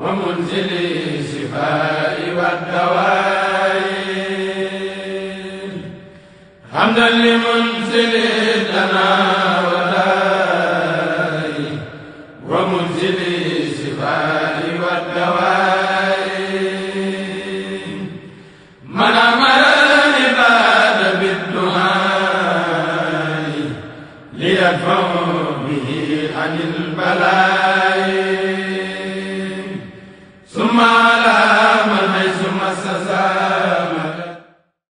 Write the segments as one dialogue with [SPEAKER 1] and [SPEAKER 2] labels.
[SPEAKER 1] ومنزل الشفاء والدواء حمدا لمنزل لنا وداء ومنزل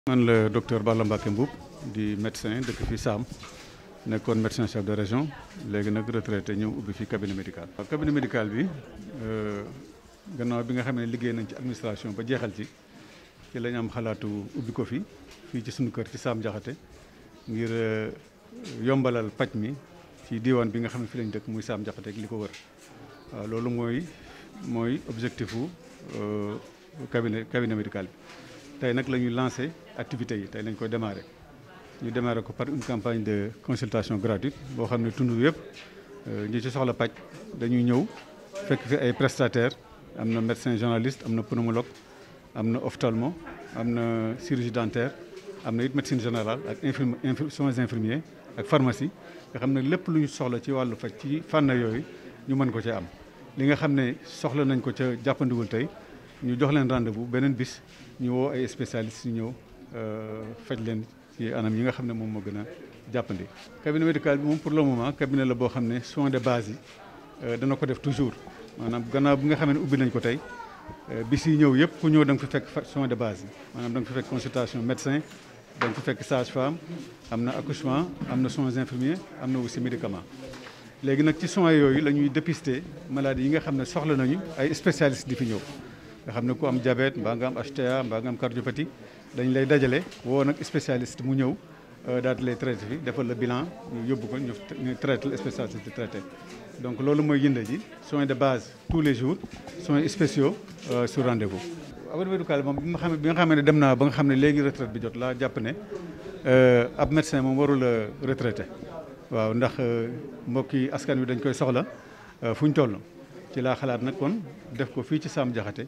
[SPEAKER 1] man la docteur Balla Mbacké Mboup di médecin dëkk fii Saam nekkoon médecin chef de région léegi nag retraité ñëw ubbi fi cabinet médical. waaw cabinet médical bi euh, gannaaw bi nga xamee ne liggéey nañ ci administration ba jeexal ci ci lañ am xalaatu ubbi ko fi fii ci suñu kër ci Saam Jaxate ngir euh, yombalal paj mi ci diwaan bi nga xam ne fi lañ dëkk muy Saam Jaxate ak li ko wër waaw loolu mooy mooy objectifu u euh, cabinet cabinet médical bi. tey nag la ñuy lancé activités yi tey lañ koy démarré ñu démarré ko par une campagne de consultation gratuite boo xam ne tund yëpp euh, ñi ci soxla paj dañuy ñëw fekk fi ay prestataires am na médecin généraliste am na pneumologue am na ophtalmo am na chirurgie dentaire am na it médecine générale ak infirme soins infirmiers ak pharmacie nga xam ne lépp lu ñu soxla ci wàllu faj ci fànn yooyu ñu mën ko ci am li nga xam ne soxla nañ ko ca jàppandiwul tey ñu jox leen rendez-vous beneen bis ñu woo ay spécialistes ñu ñëw euh, faj leen ci anam yi nga xam ne moom moo gën a jàppandi. cabinet médical bi moom pour le moment cabinet la boo xam ne soins de base yi euh, dana ko def toujours maanaam gannaaw bi nga xam ne ubbi nañ ko tey euh, bis yi ñëw yëpp ku ñëw da nga fi fekk soins de base yi maanaam da nga fi fekk consultation médecin da fi fekk sage femme am na accouchement am na soins infirmiers am na aussi médicament. léegi nag ci soins yooyu la ñuy dépister maladies yi nga xam ne soxla nañu ay spécialistes di fi ñëw. nga xam ne ku am jabet mbaa nga am HTA mbaa nga am cardiopathie dañ lay dajale woo nag spécialiste mu ñëw euh, daal di lay traité fi defal la bilan yóbbu ko ñu traité spécialiste traité donc loolu mooy Yinde ji soins de base tous les jours soins spéciaux euh, sur rendez-vous. wér wérukaale moom bi nga xam bi nga xam ne dem naa ba nga xam ne léegi retraite bi jot laa jàpp ne euh, ab médecin moom warul retraité waaw ndax mbokki askan wi dañ koy soxla fu ñu toll ci laa xalaat nag def ko fii ci Sam Diakhaté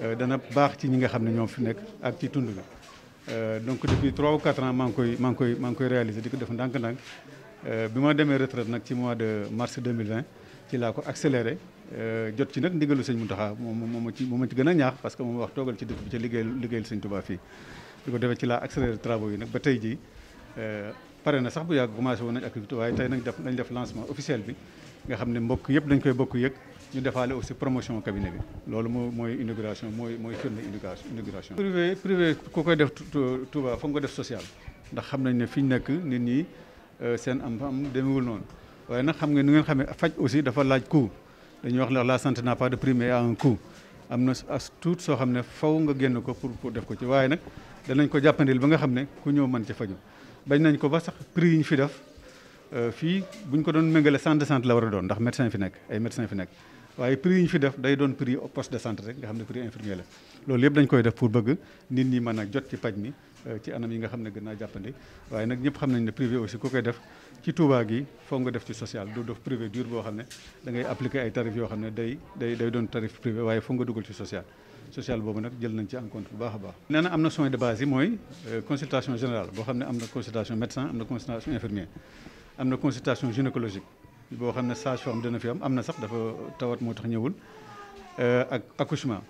[SPEAKER 1] Euh, dana baax ci ñi nga xam ne ñoom fi nekk ak ci tund bi euh, donc depuis 3 ou 4 ans maa ngi koy maa ngi koy maa ngi koy di ko def ndànk-ndànk euh, bi ma demee retraite nag ci mois de mars 2020 ci laa ko accéléré jot ci nag ndigalu sëñ Mountakha moom moom ci moom ci gën a ñaax parce que moom wax toogal ci dëkk bi ca liggéeyal liggéeyal sëñ Touba fii. di ko defee ci laa accéléré travaux yi nag ba tey jii pare na sax bu yàgg commencé woon nañ activité waaye tey nag def nañ def lancement officiel bi nga xam ne yëpp dañ koy bokk yëg. ñu defaale aussi promotion kabine bi loolu moo mooy inauguration mooy mooy tournée inauguration privé privé ku koy def euh, Touba foog nga def social ndax xam nañ ne fi ñu nekk nit ñi euh, seen am am demewul noonu waaye nag xam nga nu ngeen xamee faj aussi dafa laaj coût dañuy wax la la santé n'a pas de prix mais a un coût am na as tuut soo xam ne faw nga génn ko pour pour def ko ci waaye nag danañ ko jàppandil ba nga xam ne ku ñëw mën ci faju bañ nañ ko ba sax prix yi ñu fi def euh, fii buñ ko doon méngale centre de la war a doon ndax médecin fi nekk ay médecin fi nekk waaye prix yi ñu fi def day doon prix poste de santé rek nga xam ne prix infirmier la loolu yëpp dañ koy def pour bëgg nit ñi mën a jot ci paj mi euh, ci anam yi nga xam ne gën naa jàppandi waaye nag ñëpp xam nañ ne privé aussi ku koy def ci Touba gi foog nga def ci social du def privé dur boo xam ne da ngay appliquer ay tarif yoo xam ne day day day doon tarif privé waaye foog nga dugal ci social social boobu nag jël nañ ci en compte bu baax a baax nee na am na soins de base euh, boo xam ne am na consultation médecin am na consultation infirmier am na consultation boo xam ne sage-femme dana fi am am na sax dafa tawat moo tax ñëwul euh, ak accouchement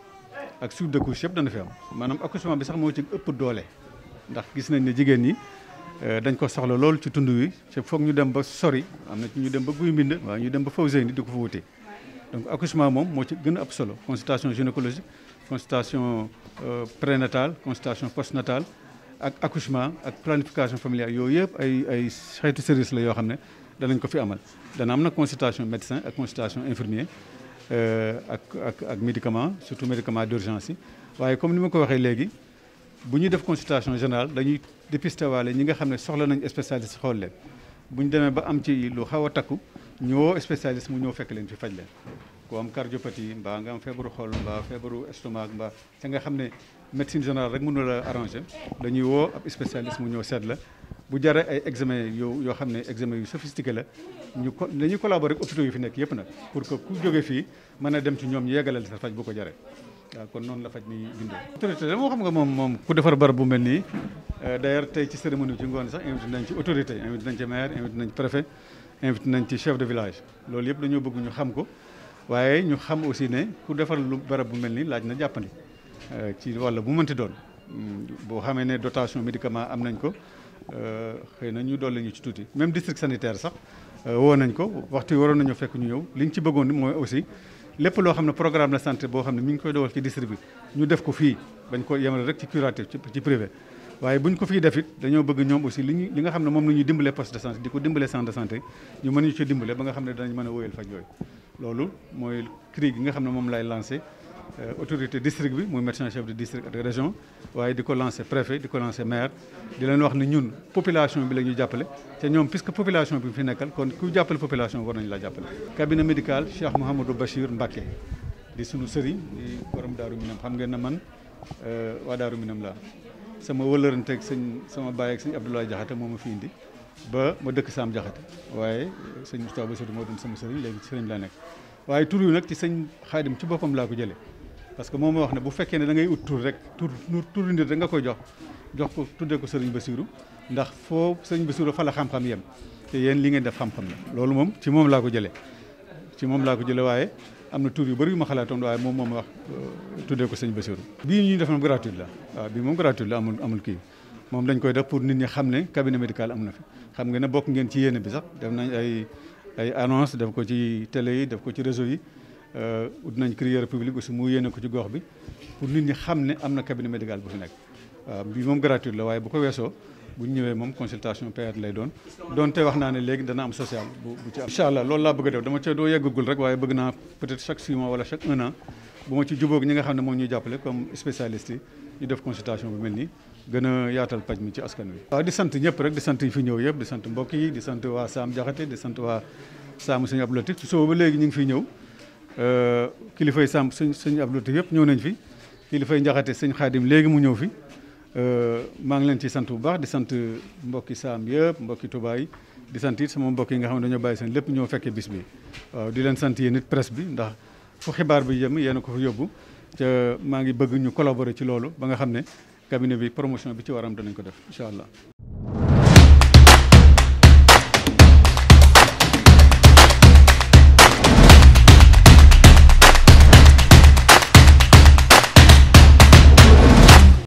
[SPEAKER 1] ak suite de couche yëpp dana fi am maanaam accouchement bi sax moo ci ëpp doole ndax gis nañ ne jigéen ñi euh, dañ ko soxla lool ci tund wi te foog ñu dem ba sori am na ci ñu dem ba guy mbind waa ñu dem ba Fawzeyni di ko fa wute donc accouchement moom moo ci gën ab solo consultation gynécologique consultation constation euh, consultation postnatale ak accouchement ak planification familiale yooyu yëpp ay ay service la yoo xam ne danañ ko fi amal dana am na consultation médecin ak consultation infirmier euh, ak ak ak médicament surtout médicament d'urgence yi waaye comme ni ma ko waxee léegi bu ñuy def consultation générale dañuy dépister waale ñi nga xam ne soxla nañ spécialiste xool leen bu ñu demee ba am ci lu xaw a takku ñu woo spécialiste mu ñëw fekk leen fi faj leen ku am cardiopathie mbaa nga am feebaru xool mbaa feebaru estomac mbaa te nga xam ne médecine générale rek mënu la arranger dañuy woo ab spécialiste mu ñëw seet la bu jaree ay examen yoo yoo xam ne examen yu sophistiqué la ñu ko dañuy collaborer ak hôpitaux yu fi nekk yëpp nag pour que ku jóge fii mën a dem ci ñoom ñu yeggalal sa faj bu ko jaree waaw kon noonu la faj ni bindoo autorité la moo xam nga moom moom ku defar barab bu mel nii euh, d'ailleurs tey ci cérémonie ci ngoon sax invité nañ ci autorité invité nañ ci maire invité nañ préfet invité nañ ci chef de village loolu yëpp dañoo bëgg ñu xam ko waaye ñu xam aussi ne ku defar lu barab bu mel nii laaj na jàppandi euh, ci wàll bu mënti doon hmm, boo xamee ne dotation médicament am nañ ko Euh, xëy na ñu dolli ñu ci tuuti même district sanitaire sax euh, woo nañ ko waxtu waroon nañu fekk ñu yow li ñu ci bëggoon mooy aussi lépp loo xam ne programme de santé boo xam ne mi ngi koy dogal ci district bi ñu def ko fii bañ ko yemale rek ci curatif ci privé waaye buñ ko fii def it dañoo bëgg ñoom aussi li ñu li nga xam ne moom la ñuy dimbalee poste de santé di ko dimbalee centre de santé ñu mën ñu ci dimbale ba nga xam ne danañ mën a wóyal faj yooyu loolu mooy cri gi nga xam ne moom lay lancé Euh, autorité district bi muy médecin chef de district ak région waaye di ko lancer préfet di ko lancer maire di leen wax ne ñun population bi la ñuy jàppale te ñoom puisque population bi fi nekkal kon ku jàppale population war nañu la jàppale. cabinet médical Cheikh Mouhamadou Bachir Mbacké di suñu sëriñ di borom Daaru Minam xam ngeen ne man euh, waa Daaru Minam laa sama wëlëranteeg sëñ sama baay ak sëñ Abdoulaye jaxate moom ma fi indi ba ma dëkk Saam Diakhaté waaye sëñ Moustapha Bassirou moo doon sama sëriñ léegi sëriñ laa nekk waaye tur yu nag ci sëñ Xaadim ci boppam laa ko jëlee. parce que moom moo wax ne bu fekkee ne da ngay ut tur rek tur tur nit rek nga koy jox jox ko tuddee ko sëriñ Basiru ndax foo sëriñ Basiru fa la xam-xam yem te yéen li ngeen def xam-xam la loolu moom ci moom laa ko jëlee ci moom laa ko jëlee waaye am na tur yu bëri yu ma xalaatoon waaye moom moom wax euh, tuddee ko sëriñ Basiru bii ñuy def moom gratuit la waaw bii moom gratuit amul amul kii moom dañ koy def pour nit ñi xam ne cabinet médical am na fi xam nga ne bokk ngeen ci yéene bi sax def nañ ay ay annonce def ko ci télé yi def ko ci réseau yi Euh, ut nañ crieur public aussi mu yéene ko ci gox bi pour nit ñi xam ne am na cabinet médical bu fi nekk waaw euh, bi moom gratuite la waaye bu ko weesoo bu ñu ñëwee moom consultation payante lay doon donte wax naa ne léegi dana am social bu bu ci loolu laa bëgg def dama ca doo yeggagul rek waaye bëgg naa peut-être chaque six mois wala chaque un an bu ma ci ñuy jàppale comme spécialiste yi ñu bu mel nii gën a yaatal paj mi ci askan wi. waaw di sant ñëpp rek di sant fi ñëw yëpp di sant mbokk yi di sant waa Saam Jaxate di sant waa Saamu Sëñ Abdou Latif soo ba léegi ñu ngi fiy ñëw Euh, kilifay sàmm sëñ sëñ Abdou Latif yëpp ñëw nañ fi kilifay njaxate sëñ xaadim léegi mu ñëw fi euh, maa ngi leen ci sant bu baax di sant mbokki saam yëpp mbokki tubaay di sant it sama mbokk yi nga xam ne dañoo bàyyi seen lépp ñoo fekkee bis bi waaw di leen sant yéen it presse bi ndax fu xibaar bi yem yéen a ko fa yóbbu te maa ngi bëgg ñu collaborer ci loolu ba nga xam ne cabinet bi promotion bi ci waram danañ ko def incha allah